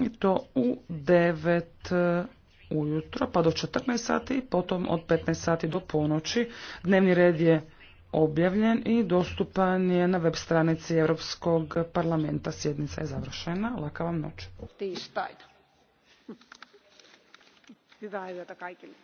i to u 9 e, ujutro pa do 14 sati i potom od 15 sati do ponoći. Dnevni red je objavljen i dostupan je na web stranici Europskog parlamenta. Sjednica je završena. Laka vam noć. Tiistaina. Hyvää yötä kaikille.